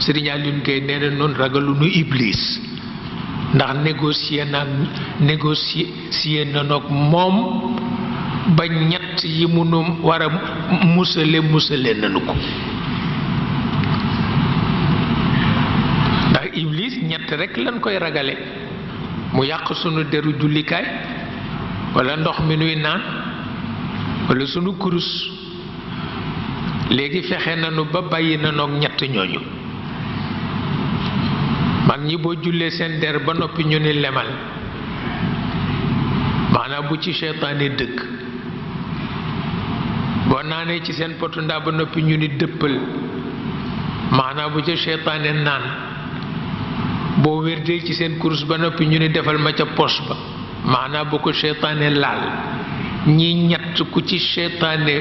sëriñ Alioune Gueye nee na noonu ragalu nu iblis ndax négocier na négocier na moom ba ñett yi mu nu war a musale musale nanu ko ndax iblis ñett rekk lañ koy ragale mu yàq sunu deru jullikaay walla ndox mi nuy naan walla sunu kurus léegi fexe nanu ba bàyyi nanoog ñett ñooñu mag ñi boo jullee seen der ba noppi ñu ni lemal maanaam bu ci seytaane dëkk boo naanee ci seen potu ndaa ba noppi ñu ni dëppal maanaam bu ca seytaane naan boo wérdee ci seen kurus ba noppi ñu ni defal ma ca poos ba maanaam bu ko seytaane laal ñi ñett ku ci seytaane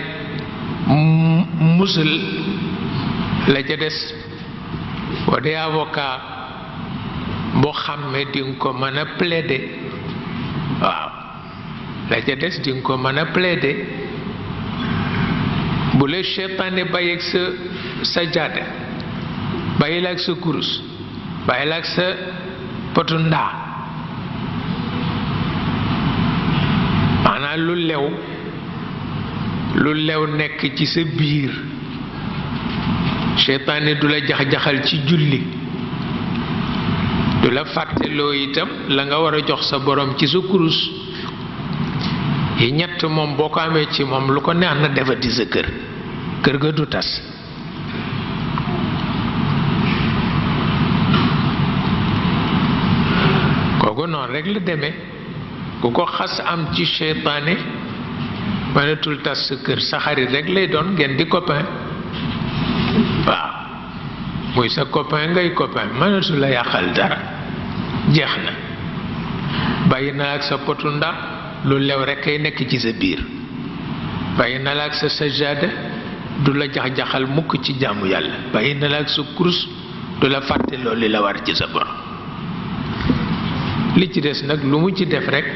musal la ca des boo dee avocat boo xam di nga ko mën a plaider waaw la ca des di ko mën a plaider bu la seytaane bàyyi ak sa sa jaada bàyyi la ak sa kurus bàyyi ak sa potu ndaa lu lew lu lew nekk ci sa biir seytaane du la jax-jaxal ci julli du la fàtteloo itam la nga war a jox sa boroom ci su kurus yi ñett moom boo ko amee ci moom lu ko neex na defati sa kër kër ga du tas kooku noonu rek la demee ku ko xas am ci seytaane mënatul tas sa kër sa xarit rek lay doon ngeen di copain waaw muy sa copain ngay copain mënatul la yàqal dara jeex na bàyyi na ak sa potu ndar lu lew rekk ay nekk ci sa biir bàyyi na la ak sa sajjaada du la jax-jaxal mukk ci jaamu yàlla bàyyi na la ak sa kurus du la fàtte loolu li la war ci sa borom li ci des nag lu mu ci def rekk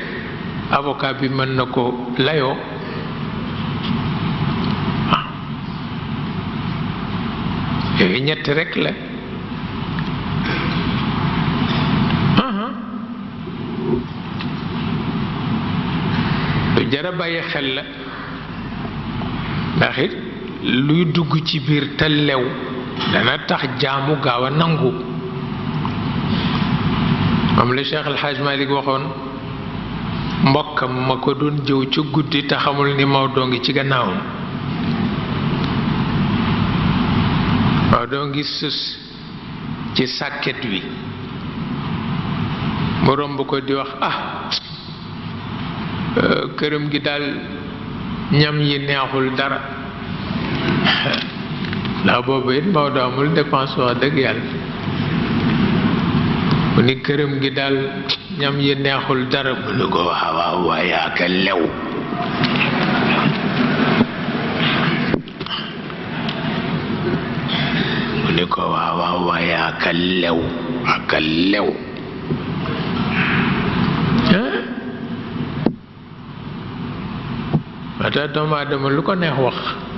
avocat bi mën na ko layoo ah. yooyu ñett rekk la jara bàyyi xel la ndax luy dugg ci biir te lew dana tax jaamu gaaw a nangu am la Cheikh El Hadj waxoon mbokkam ma ko doon jëw ci guddi te xamul ni Maodo ngi ci gannaawam Maodo ngi sës ci sàkket wi mu romb ko di wax ah këram gi daal ñam yi neexul dara ndax boobu it Maodo amul dépense wax dëgg yàlla mu ni këram gi daal ñam yi neexul dara mu ni ko waaw waaw waaye yaaka lew mu ni ko waaw waaw waaye yaaka lew aka lew moo tax doomu aadama lu ko neex wax